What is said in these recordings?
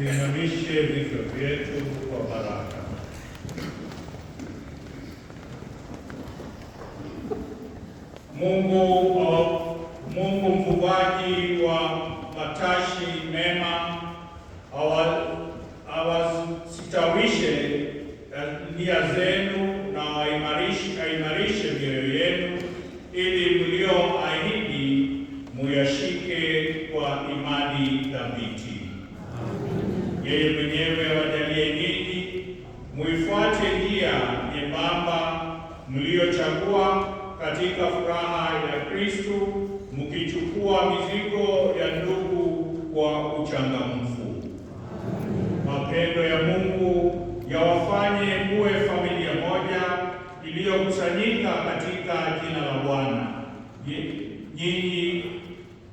tuinamishe vichwa vyetu kwa baraka. Mungu Mungu mfugaji wa matashi mema awasitawishe eh, nia zenu na aimarishe mioyo yenu ili mlioahidi muyashike kwa imani dhabiti. Yeye mwenyewe awajalie ninyi muifuate njia nyembamba mliyochagua katika furaha ya Kristu, mkichukua mizigo ya ndugu kwa uchangamfu. Mapendo ya Mungu yawafanye muwe familia moja iliyokusanyika katika jina la Bwana, nyinyi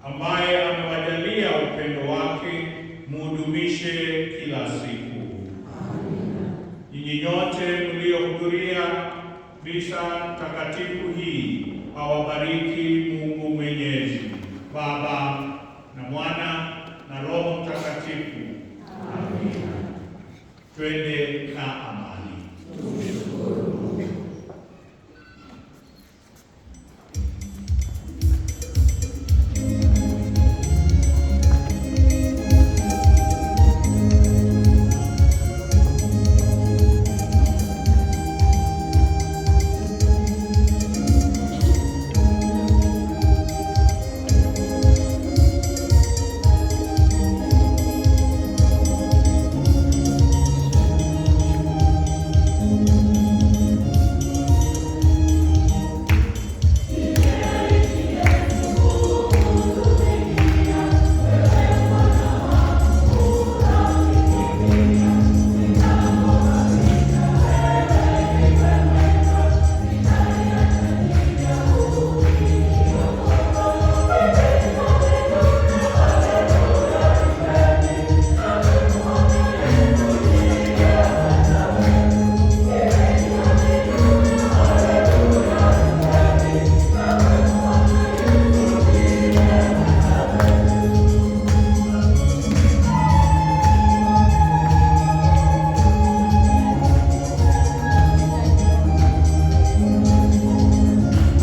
ambaye amewajalia upendo tudumishe kila siku. Nyinyi nyote mliohudhuria misa takatifu hii, awabariki Mungu Mwenyezi, Baba na Mwana na Roho Mtakatifu. Amina. Twende na amani. Tumshukuru Mungu.